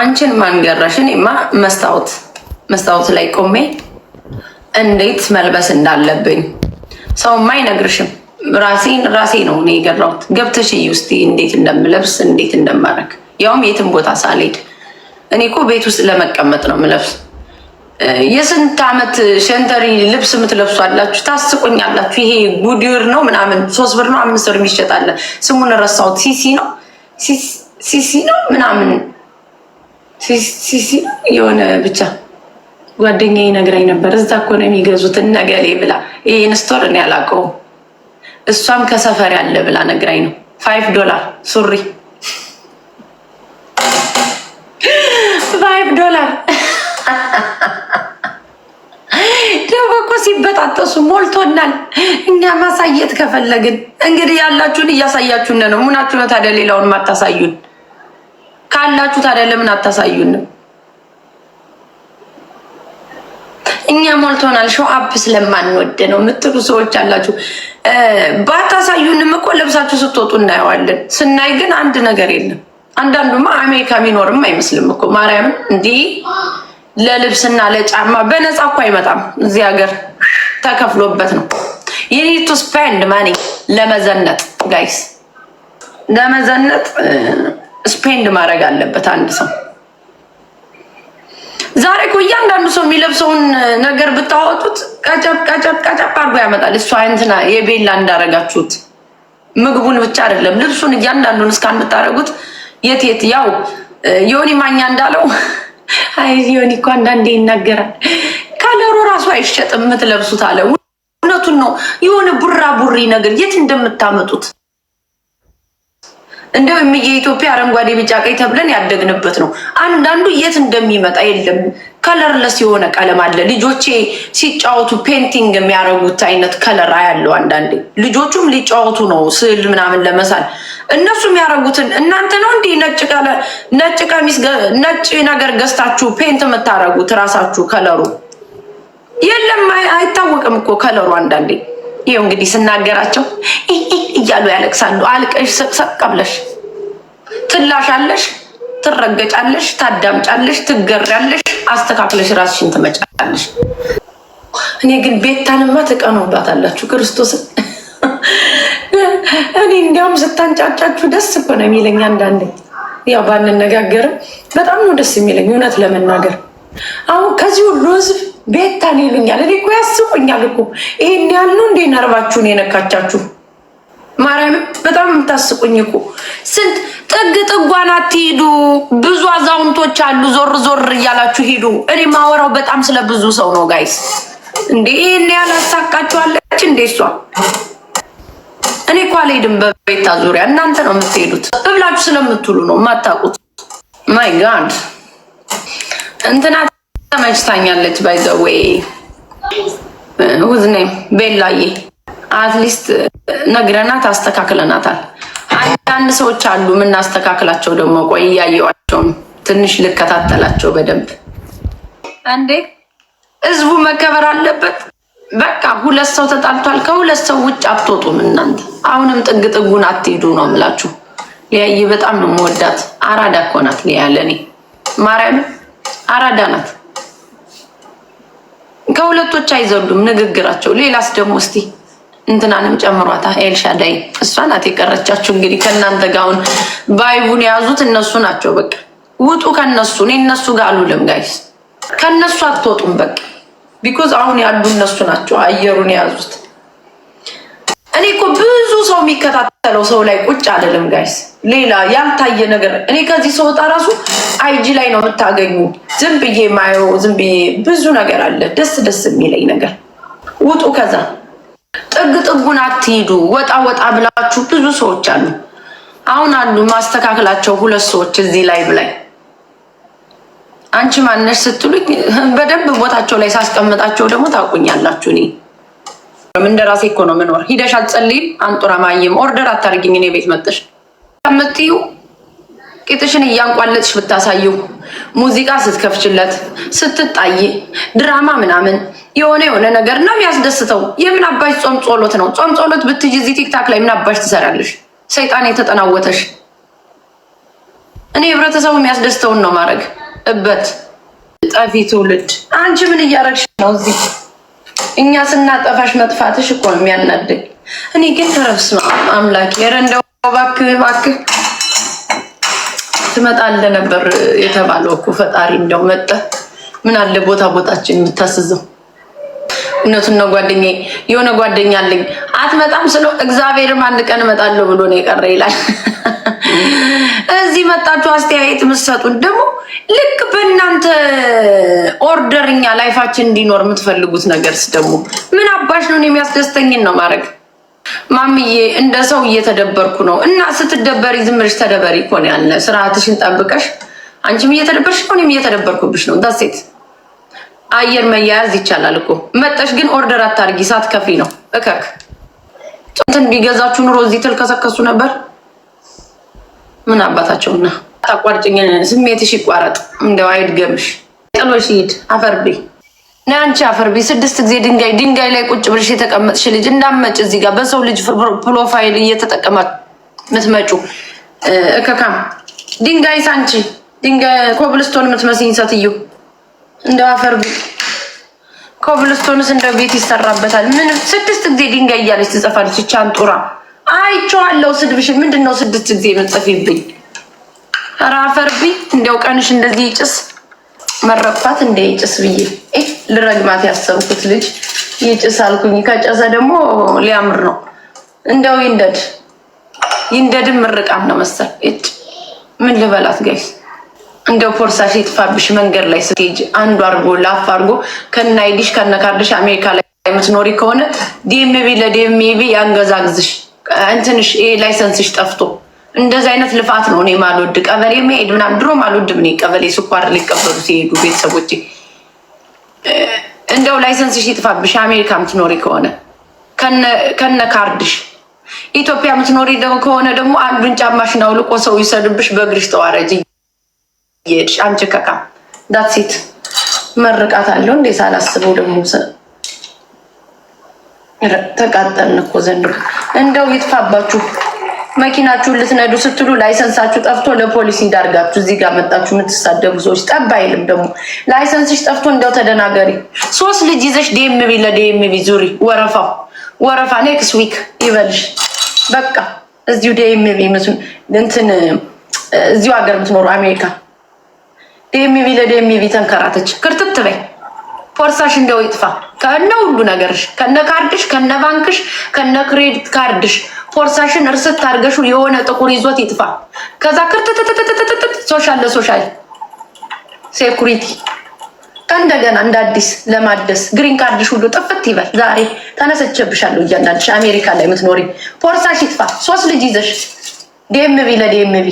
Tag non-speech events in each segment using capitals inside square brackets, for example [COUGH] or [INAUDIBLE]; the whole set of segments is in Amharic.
አንቺን ማንገራሽ? እኔማ መስታወት መስታወት ላይ ቆሜ እንዴት መልበስ እንዳለብኝ ሰው አይነግርሽም። ራሴን ራሴ ነው እኔ የገራሁት። ገብተሽ እዩ እንዴት እንደምለብስ እንዴት እንደማረግ ያውም የትም ቦታ ሳልሄድ እኔ እኮ ቤት ውስጥ ለመቀመጥ ነው ምለብስ። የስንት ዓመት ሸንተሪ ልብስ የምትለብሱ አላችሁ፣ ታስቁኛላችሁ። ይሄ ጉድር ነው ምናምን፣ ሶስት ብር ነው አምስት ብር የሚሸጣለ። ስሙን ረሳሁት። ሲሲ ነው ሲሲ ነው ምናምን ሲሲ የሆነ ብቻ ጓደኛ ነግራኝ ነበር። እዛ እኮ ነው የሚገዙትን ነገሬ ብላ ይህን ስቶር እኔ አላውቀውም። እሷም ከሰፈር ያለ ብላ ነግራኝ ነው። ፋይቭ ዶላር ሱሪ ፋይቭ ዶላር ደግሞ እኮ ሲበጣጠሱ ሞልቶናል። እኛ ማሳየት ከፈለግን እንግዲህ ያላችሁን እያሳያችሁን ነው። ምናችሁ ነው ታዲያ ሌላውን ማታሳዩን? ካላችሁ ታዲያ ለምን አታሳዩንም? እኛ ሞልቶናል። ሾው አፕ ስለማንወድ ነው የምትሉ ሰዎች አላችሁ። ባታሳዩንም እኮ ለብሳችሁ ስትወጡ እናየዋለን። ስናይ ግን አንድ ነገር የለም። አንዳንዱማ አሜሪካ የሚኖርም አይመስልም እኮ ማርያም እንዲህ ለልብስና ለጫማ በነፃ እኮ አይመጣም። እዚህ ሀገር ተከፍሎበት ነው። የኒቱ ስፔንድ ማኒ ለመዘነጥ ጋይስ፣ ለመዘነጥ ስፔንድ ማድረግ አለበት አንድ ሰው። ዛሬ እኮ እያንዳንዱ ሰው የሚለብሰውን ነገር ብታወጡት ቀጨብ ቀጨብ ቀጨብ አድርጎ ያመጣል። እሱ እንትና የቤላ እንዳረጋችሁት ምግቡን ብቻ አይደለም ልብሱን እያንዳንዱን እስካምታረጉት የት የት ያው ዮኒ ማኛ እንዳለው [LAUGHS] አይ ዮኒ እኮ አንዳንዴ ይናገራል። ከለሩ ራሱ አይሸጥም የምትለብሱት አለ። እውነቱን ነው። የሆነ ቡራቡሪ ነገር የት እንደምታመጡት እንደው የኢትዮጵያ አረንጓዴ ቢጫ ቀይ ተብለን ያደግንበት ነው። አንዳንዱ የት እንደሚመጣ የለም። ከለርለስ የሆነ ቀለም አለ። ልጆቼ ሲጫወቱ ፔንቲንግ የሚያደርጉት አይነት ከለር ያለው አንዳንዴ ልጆቹም ሊጫወቱ ነው ስዕል ምናምን ለመሳል እነሱ የሚያደርጉትን እናንተ ነው እንዲህ ነጭ ቀሚስ ነጭ ነገር ገዝታችሁ ፔንት የምታደርጉት ራሳችሁ። ከለሩ የለም አይታወቅም እኮ ከለሩ አንዳንዴ ይኸው እንግዲህ ስናገራቸው እያሉ ያለቅሳሉ። አልቀሽ ሰቅሰቅ ብለሽ ትላሻለሽ፣ ትረገጫለሽ፣ ታዳምጫለሽ፣ ትገሪያለሽ፣ አስተካክለሽ ራስሽን ትመጫለሽ። እኔ ግን ቤታንማ ትቀኑባታላችሁ ክርስቶስን። እኔ እንዲያውም ስታንጫጫችሁ ደስ እኮ ነው የሚለኝ አንዳንዴ። ያው ባንነጋገርም በጣም ነው ደስ የሚለኝ እውነት ለመናገር አሁን ከዚህ ሁሉ ህዝብ ቤታን ይሉኛል። እኔ እኮ ያስቁኛል እኮ ይህን ያህል ነው እንዴ ነርባችሁን የነካቻችሁ? ማርያም በጣም የምታስቁኝ እኮ ስንት ጥግ ጥጓን አትሄዱ። ብዙ አዛውንቶች አሉ፣ ዞር ዞር እያላችሁ ሂዱ። እኔ ማወራው በጣም ስለ ብዙ ሰው ነው ጋይስ። እንዴ ይህን ያህል አሳቃችኋለች እንዴ እሷ። እኔ እኮ አልሄድም በቤታ ዙሪያ፣ እናንተ ነው የምትሄዱት። እብላችሁ ስለምትሉ ነው የማታውቁት። ማይ ጋድ እንትና ተመችታኛለች። ባይዘዌ ውዝኔም ቤላዬ አትሊስት uh, ነግረናት አስተካክለናታል። አንዳንድ ሰዎች አሉ የምናስተካክላቸው ደግሞ ቆይ እያየዋቸውም ትንሽ ልከታተላቸው በደንብ እንዴ። ህዝቡ መከበር አለበት። በቃ ሁለት ሰው ተጣልቷል። ከሁለት ሰው ውጭ አትወጡም እናንተ። አሁንም ጥግ ጥጉን አትሄዱ ነው የምላችሁ። ሊያይ በጣም ነው የምወዳት። አራዳ እኮ ናት ሊያ ለእኔ ማርያም አራዳ ናት። ከሁለቶች አይዘሉም ንግግራቸው። ሌላስ ደግሞ እስቲ እንትናንም ጨምሯታ ኤልሻዳይ፣ እሷ ናት የቀረቻችሁ። እንግዲህ ከእናንተ ጋር አሁን ቫይቡን የያዙት እነሱ ናቸው። በቃ ውጡ ከነሱ። እኔ እነሱ ጋር አሉልም ጋይስ፣ ከነሱ አትወጡም። በቃ ቢኮዝ አሁን ያሉ እነሱ ናቸው አየሩን የያዙት። እኔ እኮ ብዙ ሰው የሚከታተለው ሰው ላይ ቁጭ አልልም ጋይስ። ሌላ ያልታየ ነገር እኔ ከዚህ ሰው ወጣ ራሱ አይጂ ላይ ነው የምታገኙ። ዝም ብዬ ማየው ዝም ብዬ ብዙ ነገር አለ፣ ደስ ደስ የሚለኝ ነገር። ውጡ ከዛ ጥግ ጥጉን አትሂዱ። ወጣ ወጣ ብላችሁ ብዙ ሰዎች አሉ። አሁን አንዱ ማስተካከላቸው ሁለት ሰዎች እዚህ ላይ ብላይ አንቺ ማነሽ ስትሉኝ በደንብ ቦታቸው ላይ ሳስቀምጣቸው ደግሞ ታውቁኛላችሁ እኔ እንደ ራሴ እኮ ነው ምኖር። ሂደሽ አትጸልይም፣ አንጡራ ማየም ኦርደር አታርጊኝ። እኔ ቤት መጥሽ ከምትዩ ቂጥሽን እያንቋለጥሽ ብታሳዩ፣ ሙዚቃ ስትከፍችለት፣ ስትጣይ፣ ድራማ ምናምን የሆነ የሆነ ነገር ነው የሚያስደስተው። የምን አባሽ ጾም ጾሎት ነው? ጾም ጾሎት ብትጅ እዚህ ቲክታክ ላይ ምን አባሽ ትሰራለሽ? ሰይጣን የተጠናወተሽ። እኔ ህብረተሰቡ የሚያስደስተውን ነው ማድረግ እበት ጠፊ ትውልድ። አንቺ ምን እያረግሽ ነው እዚህ እኛ ስናጠፋሽ መጥፋትሽ እኮ ነው የሚያናደኝ። እኔ ግን ተረብስ አምላክ የረንደው እባክህ እባክህ ትመጣ እንደነበር የተባለው እኮ ፈጣሪ እንደው መጠ ምን አለ ቦታ ቦታችን የምታስዘው እውነቱን ነው። ጓደኛ የሆነ ጓደኛ አለኝ አትመጣም ስለው እግዚአብሔርም አንድ ቀን እመጣለሁ ብሎ ነው የቀረ ይላል። እዚህ መጣችሁ አስተያየት የምትሰጡን ደግሞ ልክ በእናንተ ኦርደር እኛ ላይፋችን እንዲኖር የምትፈልጉት ነገርስ ደግሞ ምን አባሽ ነው? የሚያስደስተኝን ነው ማድረግ። ማምዬ እንደ ሰው እየተደበርኩ ነው። እና ስትደበሪ ዝም ብለሽ ተደበሪ እኮ ነው ያልነ። ስርዓትሽን ጠብቀሽ አንቺም እየተደበርሽ ነው፣ እኔም እየተደበርኩብሽ ነው። ዳሴት አየር መያያዝ ይቻላል እኮ መጠሽ ግን ኦርደር አታርጊ። ሳት ከፊ ነው እከክ እንትን ቢገዛችሁ ኑሮ እዚህ ትልከሰከሱ ነበር። ምን አባታቸውና ታቋርጭኝ። ስሜትሽ ይቋረጥ፣ እንደው አይድገምሽ። ጥሎሽ ይሂድ። አፈርቢ አንቺ አፈርቢ። ስድስት ጊዜ ድንጋይ ድንጋይ ላይ ቁጭ ብልሽ የተቀመጥሽ ልጅ እንዳመጭ እዚህ ጋር በሰው ልጅ ፕሮፋይል እየተጠቀመ ምትመጩ እከካም ድንጋይ ሳንቺ ድንጋይ ኮብልስቶን የምትመስኝ ሴትዮ እንደው አፈርቢ። ኮብልስቶንስ እንደው ቤት ይሰራበታል። ምን ስድስት ጊዜ ድንጋይ እያለች ትጸፋለች። ጡራ አይቼዋለሁ። ስድብሽን ምንድን ነው ስድስት ጊዜ መጽፊብኝ? ኧረ አፈርብኝ እንዲያው ቀንሽ እንደዚህ ይጭስ መረቅኳት እንደ ይጭስ ብዬ ልረግማት ያሰብኩት ልጅ ይጭስ አልኩኝ። ከጨሰ ደግሞ ሊያምር ነው። እንዲያው ይንደድ ይንደድም ምርቃም ነው መሰል። ምን ልበላት ጋይስ እንደው ፖርሳሽ የጥፋብሽ መንገድ ላይ ስትሄጂ አንዱ አርጎ ላፍ አርጎ ከናይዲሽ ከነካርድሽ አሜሪካ ላይ የምትኖሪ ከሆነ ዴሜቢ ለዴሜቢ ያንገዛግዝሽ። እንትንሽ ይሄ ላይሰንስሽ ጠፍቶ እንደዚህ አይነት ልፋት ነው እኔ ማልወድ ቀበሌ መሄድ ምናምን ድሮም አልወድም እኔ ቀበሌ ስኳር ሊቀበሉ ሲሄዱ ቤተሰቦች እንደው ላይሰንስሽ ይጥፋብሽ አሜሪካ ምትኖሪ ከሆነ ከነ ካርድሽ ኢትዮጵያ ምትኖሪ ከሆነ ደግሞ አንዱን ጫማሽን አውልቆ ሰው ይሰድብሽ በእግርሽ ተዋረጅ እየሄድሽ አንቺ ከካ ዳትሴት መርቃት አለው እንዴ ሳላስበው ደግሞ ተቃጠልን እኮ ዘንድሮ። እንደው ይጥፋባችሁ። መኪናችሁን ልትነዱ ስትሉ ላይሰንሳችሁ ጠፍቶ ለፖሊስ እንዳርጋችሁ እዚህ ጋር መጣችሁ የምትሳደቡ ሰዎች ጠብ አይልም። ደግሞ ላይሰንስሽ ጠፍቶ እንደው ተደናገሪ። ሶስት ልጅ ይዘሽ ዲኤምቪ ለዲኤምቪ ዙሪ። ወረፋው ወረፋ ኔክስት ዊክ ይበልሽ። በቃ እዚሁ ዲኤምቪ እንትን እዚሁ ሀገር የምትኖሩ አሜሪካ ዲኤምቪ ለዲኤምቪ ተንከራተች ክርትት በይ። ፎርሳሽ እንደው ይጥፋ ከነ ሁሉ ነገርሽ ከነ ካርድሽ ከነ ባንክሽ ከነ ክሬዲት ካርድሽ ፎርሳሽን እርስት አድርገሽ የሆነ ጥቁር ይዞት ይጥፋ። ከዛ ክርትትትትትት ሶሻል ለሶሻል ሴኩሪቲ ከእንደገና እንደ አዲስ ለማደስ ግሪን ካርድሽ ሁሉ ጥፍት ይበል። ዛሬ ተነሰቸብሻለሁ እያንዳንድሽ አሜሪካ ላይ የምትኖሪ ፎርሳሽ ይጥፋ። ሶስት ልጅ ይዘሽ ዴምቢ ለዴምቢ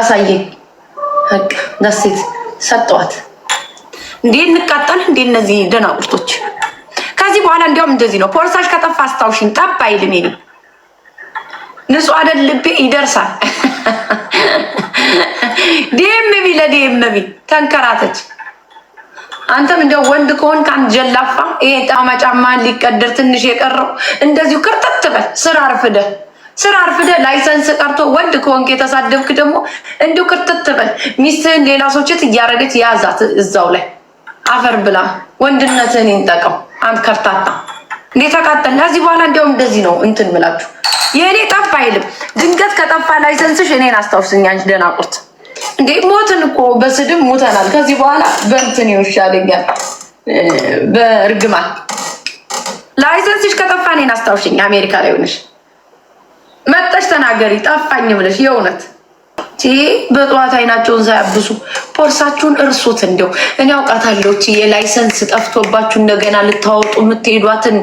አሳየኝ። በቃ ደሴት ሰጠዋት። እንዴ እንቃጠል እንዴ እነዚህ ደናቁርቶች። ከዚህ በኋላ እንዲያውም እንደዚህ ነው። ፖርሳሽ ከጠፋ አስታውሽኝ። ጠብ አይልም የኔ ንጹህ አይደል ልቤ ይደርሳል። [LAUGHS] ዲኤምቢ ለዲኤምቢ ተንከራተች። አንተም እንደው ወንድ ከሆን ከአንድ ጀላፋ ይሄ ጣማ ጫማን ሊቀድር ትንሽ የቀረው እንደዚሁ ቅርጥት በል ስራ አርፍደ ስራ አርፍደ ላይሰንስ ቀርቶ ወንድ ከሆንክ የተሳደብክ ደግሞ እንዲሁ ቅርጥት በል ሚስትህን ሌላ ሰው እያረገች ያዛት እዛው ላይ አፈር ብላ ወንድነትህን ይንጠቀው። አንተ ከርታታ እንዴ ተቃጠል። ከዚህ በኋላ እንዲያውም እንደዚህ ነው እንትን ምላችሁ። የእኔ ጠፋ አይልም። ድንገት ከጠፋ ላይሰንስሽ እኔን አስታውስኝ። አንቺ ደናቁርት እንዴ ሞትን እኮ በስድብ ሞተናል። ከዚህ በኋላ በእንትን ይሻለኛል፣ በእርግማን ላይሰንስሽ ከጠፋ እኔን አስታውሽኝ። አሜሪካ ላይ ሆነሽ መጠሽ ተናገሪ ጠፋኝ ብለሽ የእውነት በጠዋት አይናቸውን ሳያብሱ ፖርሳችሁን እርሱት። እንደው እኔ አውቃታለሁ የላይሰንስ ጠፍቶባችሁ እንደገና ልታወጡ የምትሄዷትን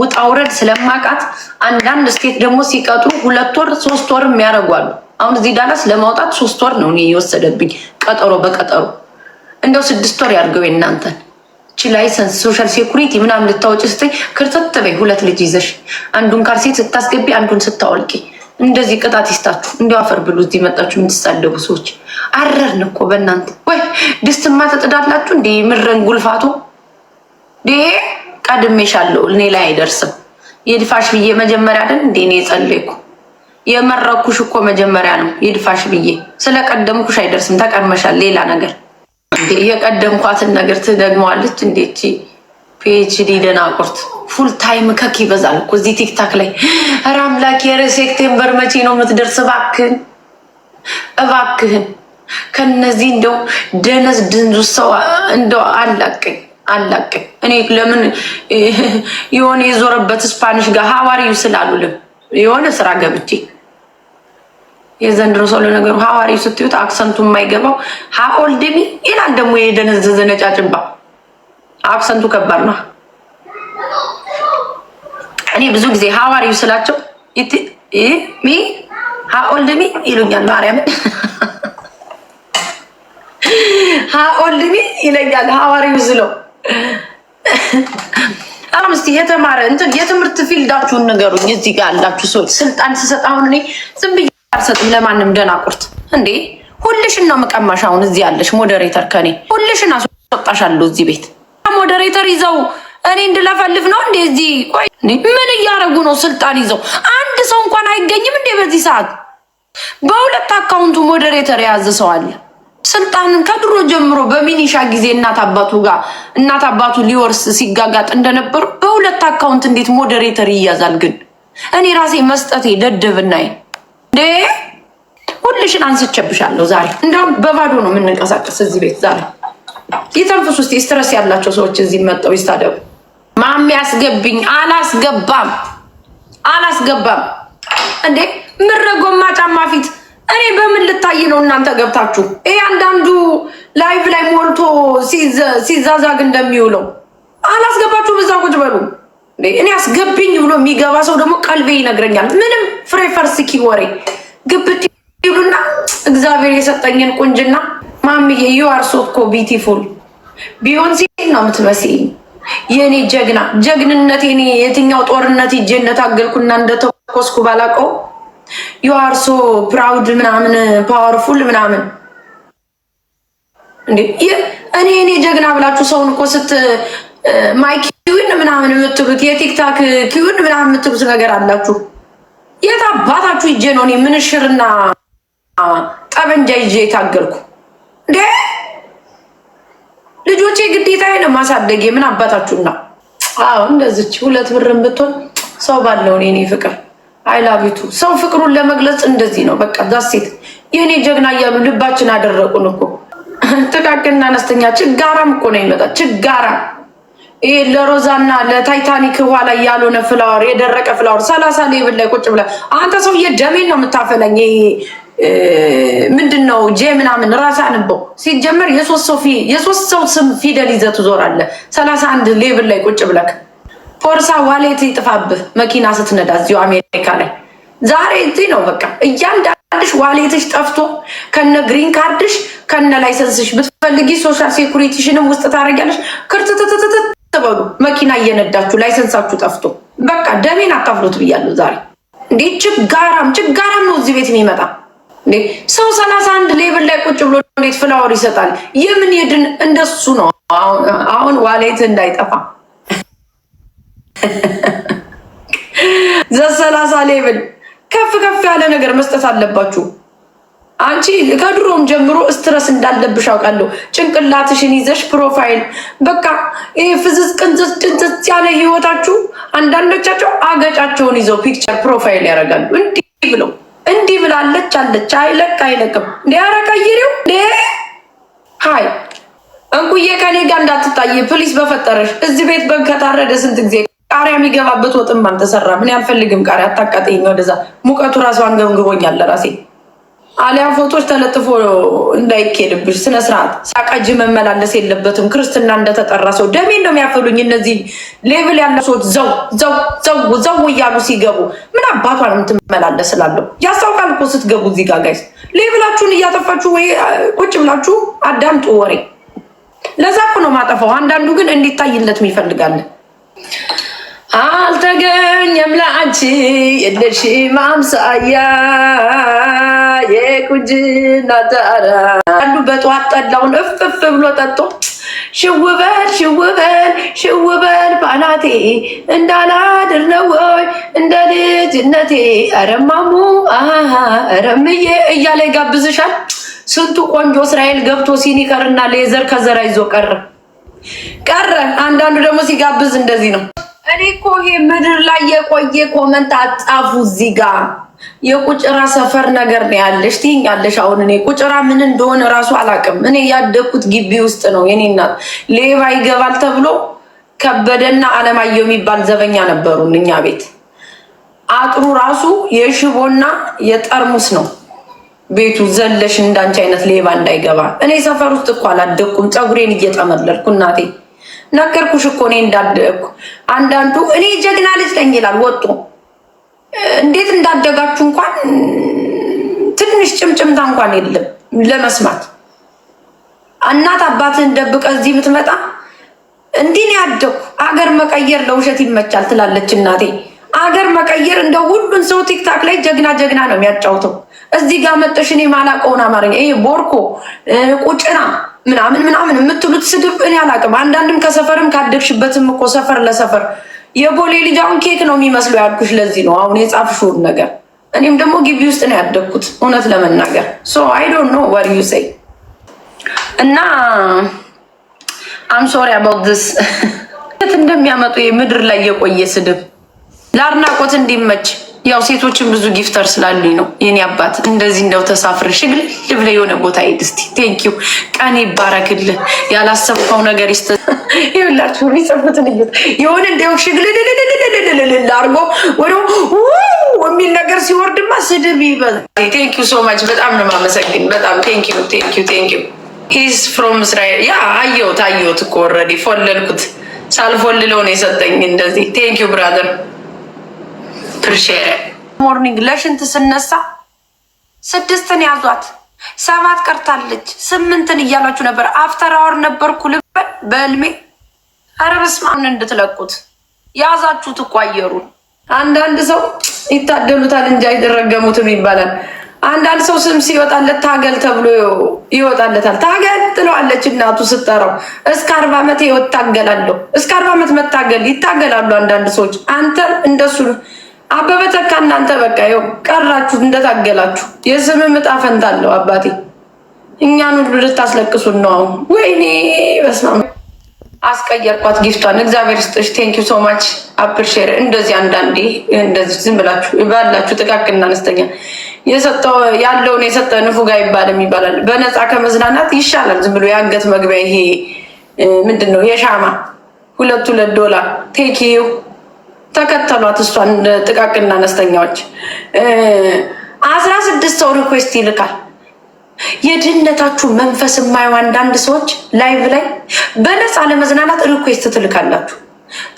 ውጣ ውረድ ስለማውቃት፣ አንዳንድ ስቴት ደግሞ ሲቀጥሩ ሁለት ወር ሶስት ወርም ያደርጓሉ። አሁን እዚህ ዳላስ ለማውጣት ሶስት ወር ነው እኔ የወሰደብኝ ቀጠሮ በቀጠሮ እንደው ስድስት ወር ያድርገው የእናንተን ቺ ላይሰንስ ሶሻል ሴኩሪቲ ምናምን ልታወጪ ስትይ ክርተት በይ። ሁለት ልጅ ይዘሽ አንዱን ካርሴት ስታስገቢ አንዱን ስታወልቂ እንደዚህ ቅጣት ይስጣችሁ። እንዲ አፈር ብሉ። እዚህ መጣችሁ የምትሳደቡ ሰዎች አረርን እኮ በእናንተ ወይ ድስትማ ተጥዳላችሁ። እንዲ ምድረን ጉልፋቱ ይሄ ቀድሜሻለሁ። እኔ ላይ አይደርስም። የድፋሽ ብዬ መጀመሪያ ደን እንዲ እኔ የጸለይኩ የመረኩሽ እኮ መጀመሪያ ነው። የድፋሽ ብዬ ስለቀደምኩሽ አይደርስም። ተቀድመሻል። ሌላ ነገር የቀደምኳትን ነገር ትደግመዋለች እንዴ? ፒኤችዲ ደናቁርት ፉል ታይም ከክ ይበዛል እኮ እዚህ ቲክታክ ላይ። ኧረ አምላክ የረ ሴፕቴምበር መቼ ነው የምትደርስ? እባክህን እባክህን ከነዚህ እንደው ደነዝ ድንዙ ሰው እንደው አላቀኝ አላቀኝ። እኔ ለምን የሆነ የዞረበት ስፓኒሽ ጋር ስላሉ ስላሉልም የሆነ ስራ ገብቼ የዘንድሮ ሰው ለነገሩ ሀዋሪዩ ስትዩት አክሰንቱ የማይገባው ሀኦልድሚ ይላል ደግሞ የደነዘዘ ነጫጭባ አክሰንቱ ከባድ ነው። እኔ ብዙ ጊዜ ሀዋሪው ስላቸው ሚ ሀኦልድ ሚ ይሉኛል። ማርያምን ሀኦልድ ሚ ይለኛል። ሀዋሪው ዝለው በጣም እስቲ የተማረ እንትን የትምህርት ፊልዳችሁን ንገሩኝ። እዚህ ጋር ያላችሁ ሰዎች ስልጣን ስሰጥ አሁን እኔ ዝም ብዬ አልሰጥም ለማንም ደናቁርት። እንዴ ሁልሽን ነው መቀማሽ። አሁን እዚህ ያለሽ ሞዴሬተር ከኔ ሁልሽን አስወጣሻለሁ እዚህ ቤት ሞዴሬተር ይዘው እኔ እንድለፈልፍ ነው እንዴ? እዚህ ቆይ፣ ምን እያደረጉ ነው? ስልጣን ይዘው አንድ ሰው እንኳን አይገኝም እንዴ? በዚህ ሰዓት በሁለት አካውንቱ ሞዴሬተር የያዘ ሰው አለ። ስልጣንን ከድሮ ጀምሮ በሚኒሻ ጊዜ እናት አባቱ ጋር እናት አባቱ ሊወርስ ሲጋጋጥ እንደነበሩ በሁለት አካውንት እንዴት ሞዴሬተር ይያዛል? ግን እኔ ራሴ መስጠቴ ደደብናይ እንዴ ሁልሽን አንስቸብሻለሁ ዛሬ። እንደውም በባዶ ነው የምንንቀሳቀስ እዚህ ቤት ዛሬ። ይተንፍሱ ውስጥ ስትረስ ያላቸው ሰዎች እዚህ መጠው ይስታደጉ። ማሚ ያስገብኝ አላስገባም አላስገባም እንዴ ምረጎማ ጫማ ፊት እኔ በምን ልታይ ነው? እናንተ ገብታችሁ ይሄ አንዳንዱ ላይቭ ላይ ሞልቶ ሲዛዛግ እንደሚውለው አላስገባችሁም። እዛ ቁጭ በሉ። እኔ አስገብኝ ብሎ የሚገባ ሰው ደግሞ ቀልቤ ይነግረኛል። ምንም ፍሬ ፈርስኪ ወሬ ግብት ይሉና እግዚአብሔር የሰጠኝን ቁንጅና ማምዬ ዩ አር ሶ እኮ ቢቲፉል ቢዮንሲ ነው የምትመስይኝ። የእኔ ጀግና ጀግንነት ኔ የትኛው ጦርነት ሂጄ እንደታገልኩና እንደተኮስኩ ባላውቀው ዩ አር ሶ ፕራውድ ምናምን ፓወርፉል ምናምን እኔ እኔ ጀግና ብላችሁ ሰውን እኮ ስት ማይክ ኪዩን ምናምን የምትሉት የቲክታክ ኪዩን ምናምን የምትሉት ነገር አላችሁ። የት አባታችሁ ይጄ ነው እኔ ምንሽርና ጠበንጃ ይዤ የታገልኩ ልጆቼ ግዴታ ነው ማሳደግ። የምን አባታችሁና አዎ፣ እንደዚች ሁለት ብርን ብትሆን ሰው ባለውን የኔ ፍቅር አይላቢቱ ሰው ፍቅሩን ለመግለጽ እንደዚህ ነው። በቃ ዛሴት የእኔ ጀግና እያሉ ልባችን አደረቁን እኮ ጥቃቅንና አነስተኛ ችጋራም እኮ ነው ይመጣ ችጋራ ይሄ ለሮዛና ለታይታኒክ ኋላ ላይ ያልሆነ ፍላወር፣ የደረቀ ፍላወር ሰላሳ ሌብል ላይ ቁጭ ብላ አንተ ሰውዬ ደሜን ነው የምታፈላኝ። ምንድን ነው ጄ ምናምን ራሳ ንቦ ሲጀመር የሶስት ሰው ስም ፊደል ይዘህ ትዞራለህ። ሰላሳ አንድ ሌብል ላይ ቁጭ ብለክ ፖርሳ ዋሌት ይጥፋብህ መኪና ስትነዳ እዚሁ አሜሪካ ላይ ዛሬ እዚህ ነው በቃ እያንዳንድሽ ዋሌትሽ ጠፍቶ ከነ ግሪን ካርድሽ ከነ ላይሰንስሽ ብትፈልጊ ሶሻል ሴኩሪቲሽንም ውስጥ ታደርጊያለሽ። ክርትትትትት ትበሉ መኪና እየነዳችሁ ላይሰንሳችሁ ጠፍቶ በቃ ደሜን አታፍሉት ብያለሁ ዛሬ። እንዴት ችጋራም ችጋራም ነው እዚህ ቤት የሚመጣ ሰው ሰላሳ አንድ ሌብል ላይ ቁጭ ብሎ እንዴት ፍላወር ይሰጣል? የምን የድን እንደሱ ነው። አሁን ዋሌት እንዳይጠፋ ዘሰላሳ ሌብል ከፍ ከፍ ያለ ነገር መስጠት አለባችሁ። አንቺ ከድሮም ጀምሮ ስትረስ እንዳለብሽ አውቃለሁ። ጭንቅላትሽን ይዘሽ ፕሮፋይል በቃ ይሄ ፍዝዝ ቅንዝዝ ድንዝዝ ያለ ህይወታችሁ አንዳንዶቻቸው አገጫቸውን ይዘው ፒክቸር ፕሮፋይል ያደርጋሉ እንዲህ ብለው እንዲህ ብላለች አለች። አይለቅ አይለቅም። እንዲ አረቀይሬው እንዴ ሀይ እንቁዬ ከኔ ጋር እንዳትታይ ፕሊስ በፈጠረሽ። እዚህ ቤት በግ ከታረደ ስንት ጊዜ ቃሪያ የሚገባበት ወጥም አልተሰራም። እኔ አልፈልግም ቃሪያ አታቃጠኝ። ወደዛ ሙቀቱ ራሱ አንገብግቦኛል ለራሴ አሊያ ፎቶች ተለጥፎ እንዳይኬድብሽ ስነ ስርዓት ሳቀጅ መመላለስ የለበትም። ክርስትና እንደተጠራ ሰው ደሜን ነው የሚያፈሉኝ እነዚህ ሌብል ያለ ሰዎች ዘው ዘው ዘው ዘው እያሉ ሲገቡ ምን አባቷን የምትመላለስ ስላለሁ ያስታውቃል እኮ ስትገቡ እዚህ ጋር ጋይስ ሌብላችሁን እያጠፋችሁ ወይ ቁጭ ብላችሁ አዳምጡ ወሬ። ለዛ እኮ ነው ማጠፋው። አንዳንዱ ግን እንዲታይለት ይፈልጋለን። አልተገኘም ለአንቺ የለሽም አምሳያ የቁንጅና ዳራ አንዱ በጠዋት ጠላውን እፍፍ ብሎ ጠጦ ሽውበል ሽውበል ሽውበል ባናቴ እንዳላድር ነው ወይ እንደ ልጅነቴ አረማሙ አረምዬ እያለ ይጋብዝሻል። ስንቱ ቆንጆ እስራኤል ገብቶ ሲኒ ቀርና ሌዘር ከዘራ ይዞ ቀረ ቀረ። አንዳንዱ ደግሞ ሲጋብዝ እንደዚህ ነው። እኔ እኮ ይሄ ምድር ላይ የቆየ ኮመንት አጻፉ። እዚህ ጋር የቁጭራ ሰፈር ነገር ነው ያለሽ ትይኛለሽ። አሁን እኔ ቁጭራ ምን እንደሆነ እራሱ አላውቅም። እኔ ያደግኩት ግቢ ውስጥ ነው። የኔ እናት ሌባ ይገባል ተብሎ ከበደና አለማየሁ የሚባል ዘበኛ ነበሩ እኛ ቤት። አጥሩ ራሱ የሽቦና የጠርሙስ ነው ቤቱ። ዘለሽ እንዳንቺ አይነት ሌባ እንዳይገባ። እኔ ሰፈር ውስጥ እኮ አላደግኩም፣ ፀጉሬን እየጠመለልኩ እናቴ ነገርኩሽ እኮ እኔ እንዳደግኩ። አንዳንዱ እኔ ጀግና ልጅ ነኝ ይላል ወጡ እንዴት እንዳደጋችሁ እንኳን ትንሽ ጭምጭምታ እንኳን የለም ለመስማት። እናት አባትህን ደብቀ እዚህ ብትመጣ እንዲህ ያደግኩ። አገር መቀየር ለውሸት ይመቻል ትላለች እናቴ። አገር መቀየር እንደ ሁሉን ሰው ቲክታክ ላይ ጀግና ጀግና ነው የሚያጫውተው። እዚህ ጋር መጠሽ እኔ ማላቀውን አማርኛ ይሄ ቦርኮ ቁጭና ምናምን ምናምን የምትሉት ስድብ እኔ አላቅም። አንዳንድም ከሰፈርም ካደግሽበትም እኮ ሰፈር ለሰፈር የቦሌ ልጅ አሁን ኬክ ነው የሚመስለው ያልኩሽ ለዚህ ነው አሁን የጻፍሽውን ነገር። እኔም ደግሞ ግቢ ውስጥ ነው ያደግኩት እውነት ለመናገር ሶ አይ ዶንት ኖ ዩ ሴይ እና አም ሶሪ አባውት ዲስ [LAUGHS] እንደሚያመጡ የምድር ላይ የቆየ ስድብ ለአድናቆት እንዲመች ያው ሴቶችን ብዙ ጊፍተር ስላሉኝ ነው። የኔ አባት እንደዚህ እንደው ተሳፍር ሽግል ልብለ የሆነ ቦታ ሄድ እስቲ ቴንኪዩ ቀን ይባረክልህ። ያላሰብከው ነገር ይስተ ይላችሁ የሚጽፉትን እዩት። የሆነ እንደው ሽግል አድርጎ ወደ የሚል ነገር ሲወርድማ ስድብ ይበዛል። ሶ ማች በጣም ነው የማመሰግን። በጣም ሂስ ፍሮም እስራኤል ያ አየሁት አየሁት እኮ ኦልሬዲ ፎለልኩት። ሳልፎልለው ነው የሰጠኝ እንደዚህ። ብራዘር ፕሪሼር ሞርኒንግ ለሽንት ስነሳ ስድስትን ያዟት፣ ሰባት ቀርታለች፣ ስምንትን እያላችሁ ነበር። አፍተር አወር ነበርኩ ልበል በእልሜ ኧረ በስመ እንድትለቁት ያዛችሁት እኮ አየሩን። አንዳንድ ሰው ይታደሉታል እንጂ አይደረገሙትም ይባላል። አንዳንድ ሰው ስም ሲወጣለት ታገል ተብሎ ይወጣለታል። ታገል ትለዋለች እናቱ ስጠራው። እስከ አርባ ዓመት ይወታገላለሁ እስከ አርባ ዓመት መታገል ይታገላሉ አንዳንድ ሰዎች። አንተ እንደሱ አበበ ተካ እናንተ በቃ ይኸው ቀራችሁ፣ እንደታገላችሁ የስም ዕጣ ፈንታ አለው። አባቴ እኛን ሁሉ ልታስለቅሱን ነው አሁን። ወይኔ በስመ አብ አስቀየርኳት። ጊፍቷን እግዚአብሔር ስጥሽ። ቴንኪ ሶ ማች አፕሪሼር። እንደዚህ አንዳንዴ እንደዚህ ዝም ብላችሁ ባላችሁ ጥቃቅን አነስተኛ ያለውን የሰጠ ንፉግ አይባልም ይባላል። በነፃ ከመዝናናት ይሻላል። ዝም ብሎ የአንገት መግቢያ ይሄ ምንድን ነው የሻማ ሁለት ሁለት ዶላር ቴንኪዩ ተከተሏት። እሷን ጥቃቅንና አነስተኛዎች አስራ ስድስት ሰው ሪኩዌስት ይልካል። የድህነታችሁ መንፈስ የማየው አንዳንድ ሰዎች ላይቭ ላይ በነፃ ለመዝናናት ሪኩዌስት ትልካላችሁ።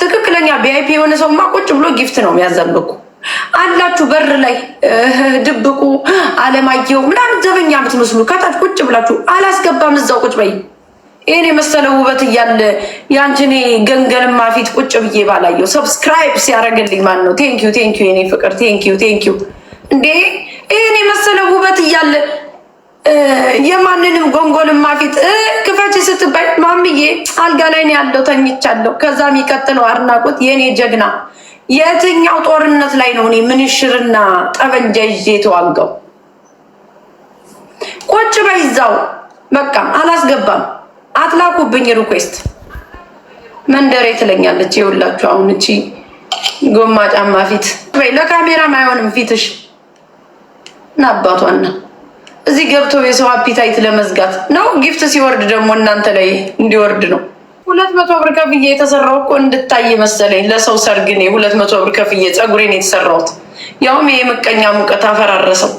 ትክክለኛ ቢአይፒ የሆነ ሰው ማ ቁጭ ብሎ ጊፍት ነው የሚያዘንብኩ አላችሁ። በር ላይ ድብቁ አለማየሁ ምናምን ዘበኛ ምትመስሉ ከታች ቁጭ ብላችሁ አላስገባም፣ እዛው ቁጭ በይ ይህን የመሰለ ውበት እያለ የአንችን ገንገልማ ፊት ቁጭ ብዬ ባላየው። ሰብስክራይብ ሲያደርግልኝ ማን ነው? ቴንኪዩ ቴንኪዩ፣ የኔ ፍቅር ቴንኪዩ ቴንኪዩ። እንዴ ይህን የመሰለ ውበት እያለ የማንንም ጎንጎንማ ፊት ክፈች ስትባይ ማምዬ አልጋ ላይ ያለው ተኝቻለሁ። ከዛ የሚቀጥለው አድናቆት የእኔ ጀግና የትኛው ጦርነት ላይ ነው እኔ ምንሽርና ጠበንጃ ይዤ የተዋጋው? ቁጭ በይዛው በቃ አላስገባም። አትላኩብኝ ሪኩዌስት መንደሬ ትለኛለች። የሁላችሁ አሁን እቺ ጎማ ጫማ ፊት ወይ ለካሜራም አይሆንም ፊትሽ ናባቷና እዚህ ገብቶ የሰው አፒታይት ለመዝጋት ነው። ጊፍት ሲወርድ ደግሞ እናንተ ላይ እንዲወርድ ነው። ሁለት መቶ ብር ከፍዬ የተሰራው እኮ እንድታይ መሰለኝ ለሰው ሰርግ እኔ ሁለት መቶ ብር ከፍዬ ፀጉሬን የተሰራሁት ያውም የምቀኛ ሙቀት አፈራረሰው።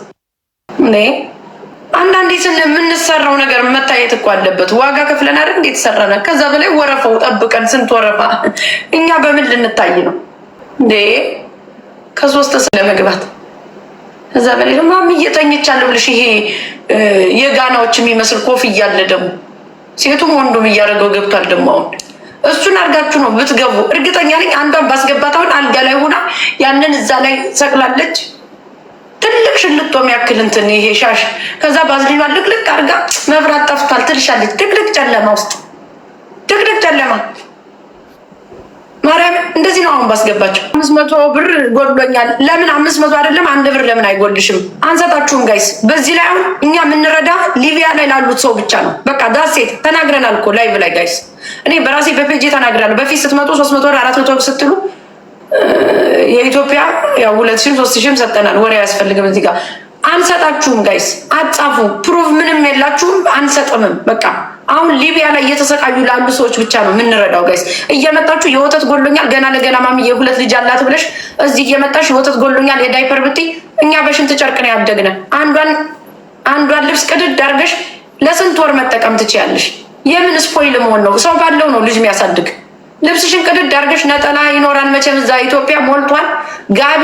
አንዳንዴ ስን የምንሰራው ነገር መታየት እኮ አለበት። ዋጋ ከፍለን አይደል እንዴት ሰራነ? ከዛ በላይ ወረፋው ጠብቀን ስንት ወረፋ እኛ በምን ልንታይ ነው እንዴ? ከሶስት ስ ለመግባት እዛ በላይ ደግሞ እየተኝቻለሁ ብልሽ ይሄ የጋናዎች የሚመስል ኮፍ እያለ ደግሞ ሴቱም ወንዱም እያደረገው ገብቷል። ደግሞ አሁን እሱን አድርጋችሁ ነው ብትገቡ እርግጠኛ ነኝ አንዷን ባስገባት አሁን አልጋ ላይ ሆና ያንን እዛ ላይ ሰቅላለች። ትልቅ ሽልጦ የሚያክል እንትን ይሄ ሻሽ፣ ከዛ ባዝሊኗ ልቅልቅ አድርጋ መብራት ጠፍቷል ትልሻለች። ድቅድቅ ጨለማ ውስጥ ድቅድቅ ጨለማ ማርያም እንደዚህ ነው። አሁን ባስገባቸው አምስት መቶ ብር ጎድሎኛል። ለምን አምስት መቶ አይደለም አንድ ብር ለምን አይጎልሽም? አንሰጣችሁም ጋይስ። በዚህ ላይ አሁን እኛ የምንረዳ ሊቢያ ላይ ላሉት ሰው ብቻ ነው። በቃ ዳሴት ተናግረናል እኮ ላይቭ ላይ ጋይስ። እኔ በራሴ በፔጅ ተናግራለሁ። በፊት ስትመጡ ሶስት መቶ ብር አራት መቶ ብር ስትሉ የኢትዮጵያ ያው ሁለት ሺህም ሶስት ሺህም ሰጠናል። ወሬ አያስፈልግም እዚህ ጋር አንሰጣችሁም። ጋይስ አጻፉ ፕሩቭ ምንም የላችሁም። አንሰጥምም በቃ አሁን ሊቢያ ላይ እየተሰቃዩ ላሉ ሰዎች ብቻ ነው የምንረዳው። ጋይስ እየመጣችሁ የወተት ጎሎኛል፣ ገና ለገና ማሚ የሁለት ልጅ አላት ብለሽ እዚህ እየመጣሽ የወተት ጎሎኛል የዳይፐር ብትይ እኛ በሽንት ጨርቅ ነው ያደግነ። አንዷን አንዷን ልብስ ቅድድ አድርገሽ ለስንት ወር መጠቀም ትችያለሽ? የምን ስፖይል መሆን ነው? ሰው ባለው ነው ልጅ የሚያሳድግ ልብስሽን ቅድድ አድርገሽ ነጠላ ይኖራል መቼም እዛ ኢትዮጵያ ሞልቷል ጋቢ።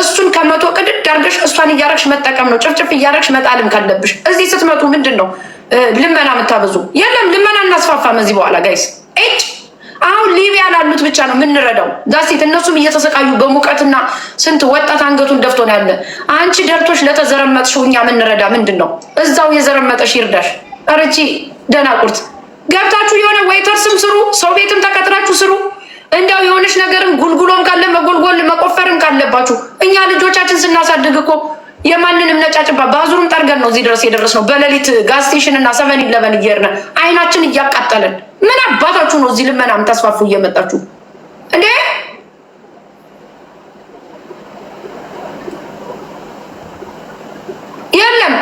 እሱን ከመቶ ቅድድ አድርገሽ እሷን እያረግሽ መጠቀም ነው። ጭፍጭፍ እያረግሽ መጣልም ካለብሽ እዚህ ስትመጡ ምንድን ነው ልመና የምታበዙ? የለም ልመና እናስፋፋም እዚህ በኋላ ጋይስ። እጭ አሁን ሊቢያ ላሉት ብቻ ነው የምንረዳው። ዛሴት እነሱም እየተሰቃዩ በሙቀትና ስንት ወጣት አንገቱን ደፍቶ ነው ያለ። አንቺ ደርቶች ለተዘረመጥሽው እኛ የምንረዳ ምንድን ነው? እዛው የዘረመጠሽ ይርዳሽ። ረቺ ደናቁርት ገብታችሁ የሆነ ዌይተርስም ስሩ፣ ሰው ቤትም ተቀጥራችሁ ስሩ። እንዲያው የሆነች ነገርም ጉልጉሎም ካለ መጎልጎል መቆፈርም ካለባችሁ እኛ ልጆቻችን ስናሳድግ እኮ የማንንም ነጫጭባ ባዙሩም ጠርገን ነው እዚህ ድረስ የደረስነው። በሌሊት ጋዝ ስቴሽን እና ሰቨን ኢለቨን እየሄድን አይናችን እያቃጠለን ምን አባታችሁ ነው እዚህ ልመናም ተስፋፉ እየመጣችሁ እንዴ? የለም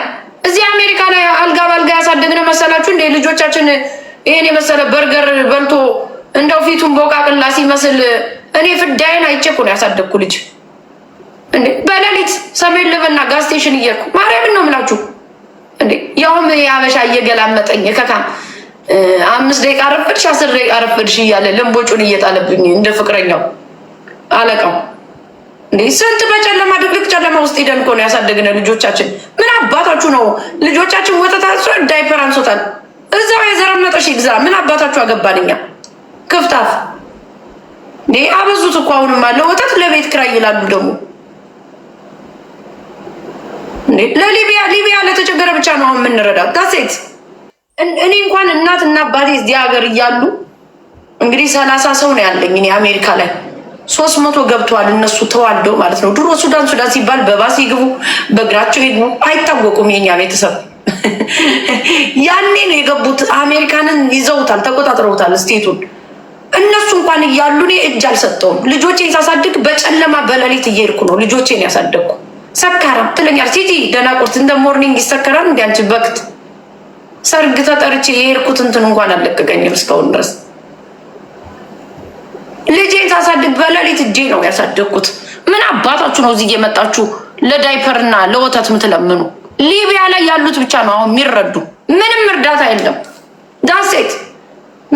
እዚህ አሜሪካ ላይ አልጋ ባልጋ ያሳደግነ መሰላችሁ እንዴ ልጆቻችን ይሄን የመሰለ በርገር በልቶ እንደው ፊቱን በውቃቅላ ሲመስል እኔ ፍዳይን አይቼ እኮ ነው ያሳደግኩ ልጅ። እንዴ በሌሊት ሰሜን ልብና ጋዝ ስቴሽን እየሄድኩ ማርያምን ነው የምላችሁ። እንዴ ያውም የአበሻ እየገላመጠኝ ከካ አምስት ደቂቃ ረፍድሽ፣ አስር ደቂቃ ረፍድሽ እያለ ለምቦጩን እየጣለብኝ እንደ ፍቅረኛው አለቀው። እንዴ ስንት በጨለማ ድቅድቅ ጨለማ ውስጥ ሂደን እኮ ነው ያሳደግነ ልጆቻችን። ምን አባታችሁ ነው ልጆቻችን ወተት አንሶ ዳይፐር አንሶታል። እዛው የዘረመጠሽ ይግዛ። ምን አባታችሁ አገባን ክፍታፍ እንዴ አበዙት እኮ አሁንም አለ ወተት ለቤት ክራይ ይላሉ ደግሞ ለሊቢያ ሊቢያ ለተቸገረ ብቻ ነው አሁን የምንረዳው። ጋሴት እኔ እንኳን እናት እና አባቴ እዚህ ሀገር እያሉ እንግዲህ ሰላሳ ሰው ነው ያለኝ እኔ አሜሪካ ላይ ሶስት መቶ ገብተዋል እነሱ ተዋልደው ማለት ነው። ድሮ ሱዳን ሱዳን ሲባል በባስ ይግቡ በእግራቸው ይግቡ አይታወቁም የኛ ቤተሰብ ያኔ ነው የገቡት። አሜሪካንን ይዘውታል፣ ተቆጣጥረውታል ስቴቱን። እነሱ እንኳን እያሉ እኔ እጅ አልሰጠውም። ልጆቼን ሳሳድግ በጨለማ በሌሊት እየሄድኩ ነው ልጆቼን ያሳደግኩ። ሰካራም ትለኛል ሲቲ ደናቁርት እንደ ሞርኒንግ ይሰከራል እንዲ አንቺ በክት ሰርግ ተጠርቼ የሄድኩት እንትን እንኳን አለቀቀኝ እስካሁን ድረስ። ልጄን ሳሳድግ በሌሊት እጄ ነው ያሳደግኩት። ምን አባታችሁ ነው እዚህ እየመጣችሁ ለዳይፐርና ለወተት ምትለምኑ? ሊቢያ ላይ ያሉት ብቻ ነው አሁን የሚረዱ። ምንም እርዳታ የለም። ዳሴት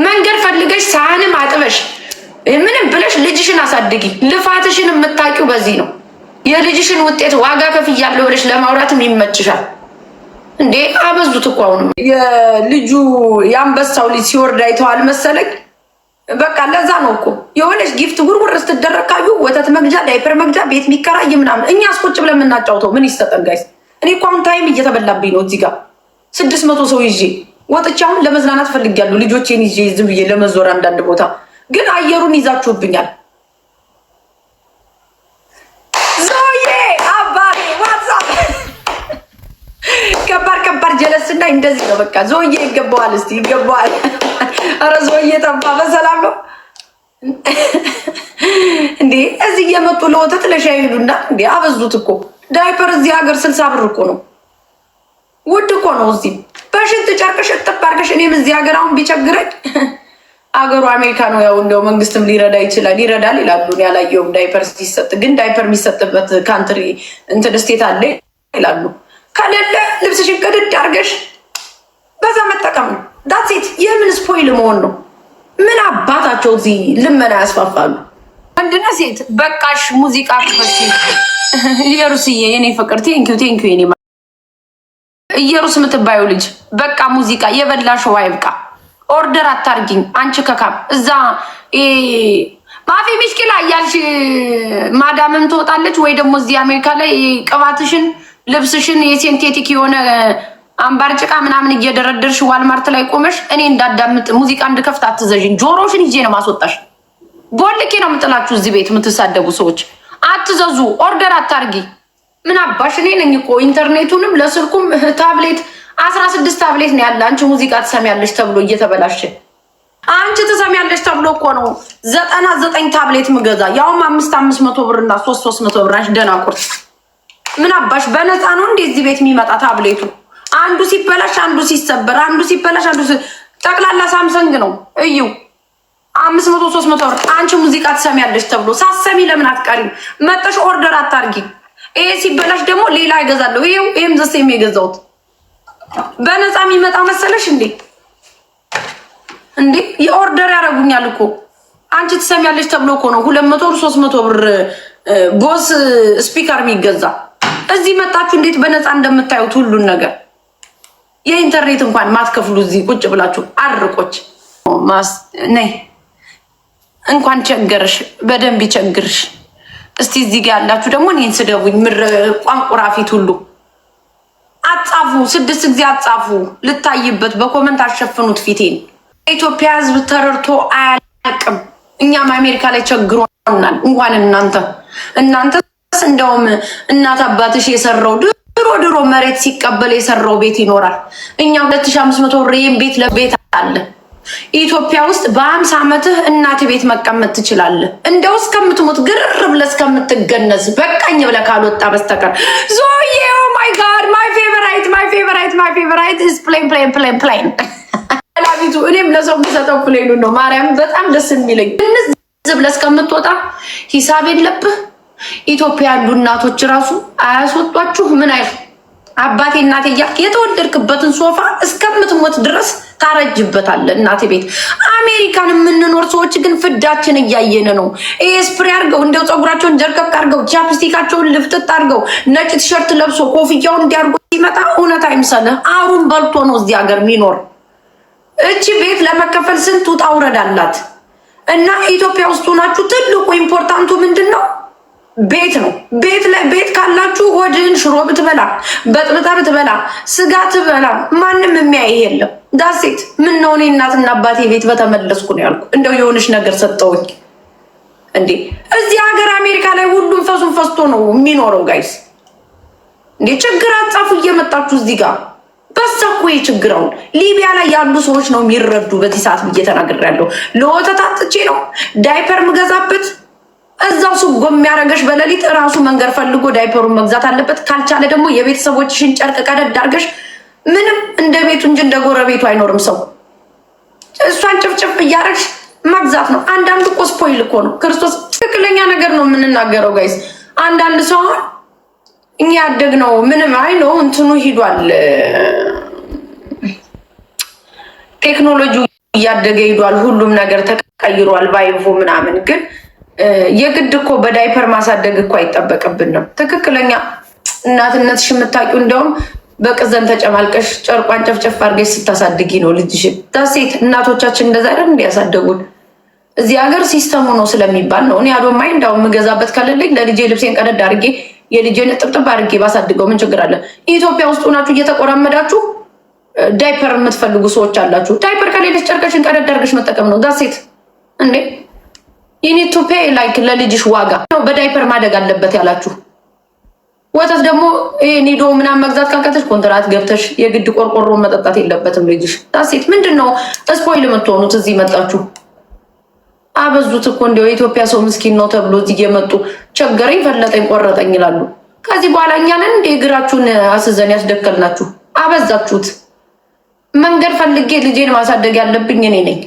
መንገድ ፈልገሽ ሳህንም አጥበሽ ምንም ብለሽ ልጅሽን አሳድጊ። ልፋትሽን የምታውቂው በዚህ ነው። የልጅሽን ውጤት ዋጋ ከፍያለሁ ብለሽ ለማውራትም ይመችሻል። እንዴ አበዙት እኮ አሁንም። የልጁ የአንበሳው ልጅ ሲወርድ አይተዋል መሰለኝ። በቃ ለዛ ነው እኮ የሆነች ጊፍት ጉርጉር ስትደረግ ካዩ ወተት መግጃ ዳይፐር መግጃ ቤት የሚከራይ ምናምን። እኛ አስቆጭ ብለን የምናጫውተው ምን ይሰጠን ጋይስ? እኔ እኮ አሁን ታይም እየተበላብኝ ነው። እዚህ ጋር ስድስት መቶ ሰው ይዤ ወጥቼ አሁን ለመዝናናት ፈልጊያለሁ ልጆቼን ይዤ ዝም ብዬ ለመዞር አንዳንድ ቦታ ግን አየሩን ይዛችሁብኛል። ዞዬ አባቴ ከባድ ከባድ ጀለስና እንደዚህ ነው በቃ። ዞዬ ይገባዋል፣ እስቲ ይገባዋል። ኧረ ዞዬ ጠፋ በሰላም ነው እንዴ? እዚህ እየመጡ ለወተት ለሻይ ሄዱና እንዴ አበዙት እኮ ዳይፐር እዚህ ሀገር ስልሳ ብር እኮ ነው፣ ውድ እኮ ነው። እዚህ በሽንት ጨርቅ እጥፍ አድርገሽ እኔም እዚህ ሀገር አሁን ቢቸግረኝ [LAUGHS] አገሩ አሜሪካ ነው። ያው እንደው መንግስትም ሊረዳ ይችላል፣ ይረዳል ይላሉ። ያላየውም ዳይፐር ሲሰጥ ግን ዳይፐር የሚሰጥበት ካንትሪ እንትን ስቴት አለ ይላሉ። ከሌለ ልብስሽን ቅድድ አድርገሽ በዛ መጠቀም ነው። ዳሴት የምን ስፖይል መሆን ነው? ምን አባታቸው እዚህ ልመና ያስፋፋሉ? ወንድና ሴት በቃሽ። ሙዚቃ ክፈት እየሩስዬ፣ የኔ ፍቅር ቴንኪዩ ቴንኪዩ። የኔ እየሩስ የምትባየው ልጅ በቃ ሙዚቃ የበላሽ ውሃ ይብቃ። ኦርደር አታርጊኝ አንቺ ከካም እዛ ማፊ ሚሽኪላ እያልሽ ማዳምም ትወጣለች ወይ ደግሞ እዚህ አሜሪካ ላይ ቅባትሽን፣ ልብስሽን የሴንቴቲክ የሆነ አምባር ጭቃ ምናምን እየደረደርሽ ዋልማርት ላይ ቆመሽ እኔ እንዳዳምጥ ሙዚቃ እንድከፍት አትዘዥኝ። ጆሮሽን ይዤ ነው ማስወጣሽ። ቦልኬ ነው የምጥላችሁ። እዚህ ቤት የምትሳደቡ ሰዎች አትዘዙ፣ ኦርደር አታርጊ። ምን አባሽ እኔ ነኝ እኮ ኢንተርኔቱንም ለስልኩም ታብሌት አስራ ስድስት ታብሌት ነው ያለ። አንቺ ሙዚቃ ትሰሚያለሽ ተብሎ እየተበላሸ አንቺ ትሰሚያለሽ ተብሎ እኮ ነው ዘጠና ዘጠኝ ታብሌት ምገዛ ያውም አምስት አምስት መቶ ብር እና ሶስት ሶስት መቶ ብር። አንቺ ደናቁርት ምን አባሽ በነፃ ነው እንዴ እዚህ ቤት የሚመጣ ታብሌቱ? አንዱ ሲበላሽ አንዱ ሲሰበር፣ አንዱ ሲበላሽ አንዱ ጠቅላላ ሳምሰንግ ነው እዩ አምስት መቶ ሶስት መቶ ብር አንቺ ሙዚቃ ትሰሚያለሽ ተብሎ ሳሰሚ ለምን አትቀሪም? መጠሽ ኦርደር አታርጊ። ይሄ ሲበላሽ ደግሞ ሌላ ይገዛለሁ። ይሄው ይሄም ዘሴም የገዛሁት በነፃ የሚመጣ መሰለሽ እንዴ? እንዴ የኦርደር ያደርጉኛል እኮ አንቺ ትሰሚያለሽ ተብሎ እኮ ነው ሁለት መቶ ብር ሶስት መቶ ብር ቦስ ስፒከር የሚገዛ እዚህ መጣችሁ እንዴት በነፃ እንደምታዩት ሁሉን ነገር የኢንተርኔት እንኳን ማትከፍሉ እዚህ ቁጭ ብላችሁ አድርቆች ነይ እንኳን ቸገርሽ፣ በደንብ ይቸግርሽ። እስቲ እዚህ ጋር ያላችሁ ደግሞ እኔን ስደቡኝ። ምር ፊት ሁሉ አጻፉ፣ ስድስት ጊዜ አጻፉ፣ ልታይበት በኮመንት አሸፍኑት ፊቴን። ኢትዮጵያ ሕዝብ ተረድቶ አያልቅም። እኛም አሜሪካ ላይ ቸግሮናል። እንኳን እናንተ እናንተ እንደውም እናት አባትሽ የሰራው ድሮ ድሮ መሬት ሲቀበል የሰራው ቤት ይኖራል። እኛ ሁለት ሺ አምስት መቶ ሬም ቤት ለቤት አለ ኢትዮጵያ ውስጥ በአምሳ ዓመትህ እናት ቤት መቀመጥ ትችላለህ። እንደው እስከምትሞት ግርር ብለህ እስከምትገነዝ በቃኝ ብለህ ካልወጣ በስተቀር ዞዬ ማይ ጋድ ማይ ፌቨራይት ማይ ፌቨራይት ማይ ፌቨራይት ኢዝ ፕሌን ፕሌን ፕሌን ፕሌን ላቢቱ እኔም ለሰው ብሰጠው ፕሌኑ ነው። ማርያም በጣም ደስ የሚለኝ እንዝ ብለህ እስከምትወጣ ሂሳብ የለብህ። ኢትዮጵያ ያሉ እናቶች ራሱ አያስወጧችሁ ምን አይል አባቴ እናቴ እያልክ የተወለድክበትን ሶፋ እስከምትሞት ድረስ ታረጅበታለ እናቴ ቤት አሜሪካን የምንኖር ሰዎች ግን ፍዳችን እያየን ነው። ይሄ ስፕሬ አርገው እንደው ፀጉራቸውን ጀርከክ አርገው ቻፕስቲካቸውን ልፍጥጥ አርገው ነጭ ቲሸርት ለብሶ ኮፍያው እንዲያርጎ ሲመጣ እውነት አይምሰልህ። አሁን በልቶ ነው እዚህ ሀገር የሚኖር። እቺ ቤት ለመከፈል ስንት ውጣ ውረድ አላት እና ኢትዮጵያ ውስጥ ሆናችሁ ትልቁ ኢምፖርታንቱ ምንድን ነው? ቤት ነው። ቤት ቤት ካላችሁ ሆድህን ሽሮ ብትበላ፣ በጥብጣ ብትበላ፣ ስጋ ትበላ፣ ማንም የሚያይ የለም። ዳሴት ምን ነው እኔ እናትና አባቴ ቤት በተመለስኩ ነው ያልኩ። እንደው የሆነች ነገር ሰጠውኝ እንዴ! እዚህ ሀገር አሜሪካ ላይ ሁሉም ፈሱን ፈስቶ ነው የሚኖረው። ጋይስ እንዴ ችግር አጻፉ እየመጣችሁ እዚህ ጋር በዛ የችግረውን ሊቢያ ላይ ያሉ ሰዎች ነው የሚረዱ በዚህ ሰዓት ብዬ ተናግሬያለሁ። ለወተት አጥቼ ነው ዳይፐር ምገዛበት እዛው ሱጎ የሚያደርገሽ በሌሊት እራሱ መንገድ ፈልጎ ዳይፐሩን መግዛት አለበት። ካልቻለ ደግሞ የቤተሰቦችሽን ጨርቅ ቀደድ አድርገሽ ምንም እንደ ቤቱ እንጂ እንደ ጎረቤቱ አይኖርም ሰው። እሷን ጭፍጭፍ እያረግሽ መግዛት ነው። አንዳንዱ እኮ ስፖይል እኮ ነው። ክርስቶስ ትክክለኛ ነገር ነው የምንናገረው ጋይስ። አንዳንድ ሰው እኛ ያደግነው ምንም አይ ነው እንትኑ ሂዷል፣ ቴክኖሎጂ እያደገ ሂዷል፣ ሁሉም ነገር ተቀይሯል፣ ባይቮ ምናምን ግን የግድ እኮ በዳይፐር ማሳደግ እኮ አይጠበቅብንም። ትክክለኛ እናትነትሽ የምታውቂው እንደውም በቅዘን ተጨማልቀሽ ጨርቋን ጨፍጨፍ አድርገሽ ስታሳድጊ ነው ልጅሽን። ዳሴት እናቶቻችን እንደዛ አይደል እንዲያሳደጉን እዚህ ሀገር ሲስተሙ ነው ስለሚባል ነው። እኔ አዶማይ እንዳሁም የምገዛበት ከሌለኝ ለልጄ ልብሴን ቀደድ አድርጌ የልጄን ጥብጥብ አድርጌ ባሳድገው ምን ችግር አለ? ኢትዮጵያ ውስጥ ሆናችሁ እየተቆራመዳችሁ ዳይፐር የምትፈልጉ ሰዎች አላችሁ። ዳይፐር ከሌለች ጨርቀሽን ቀደድ አድርገሽ መጠቀም ነው ዳሴት እንዴ ዩኒቱ ላይክ ለልጅሽ ዋጋ ነው። በዳይፐር ማደግ አለበት ያላችሁ ወተት ደግሞ ኒዶ ምናምን መግዛት ካልቀተሽ ኮንትራት ገብተሽ የግድ ቆርቆሮ መጠጣት የለበትም ልጅሽ። ታሴት ምንድን ነው ስፖይል የምትሆኑት? እዚህ መጣችሁ አበዙት እኮ እንዲያው የኢትዮጵያ ሰው ምስኪን ነው ተብሎ እዚህ የመጡ ቸገረኝ፣ ፈለጠኝ፣ ቆረጠኝ ይላሉ። ከዚህ በኋላ እኛን እንደ እግራችሁን አስዘን ያስደከልናችሁ፣ አበዛችሁት። መንገድ ፈልጌ ልጄን ማሳደግ ያለብኝ እኔ ነኝ።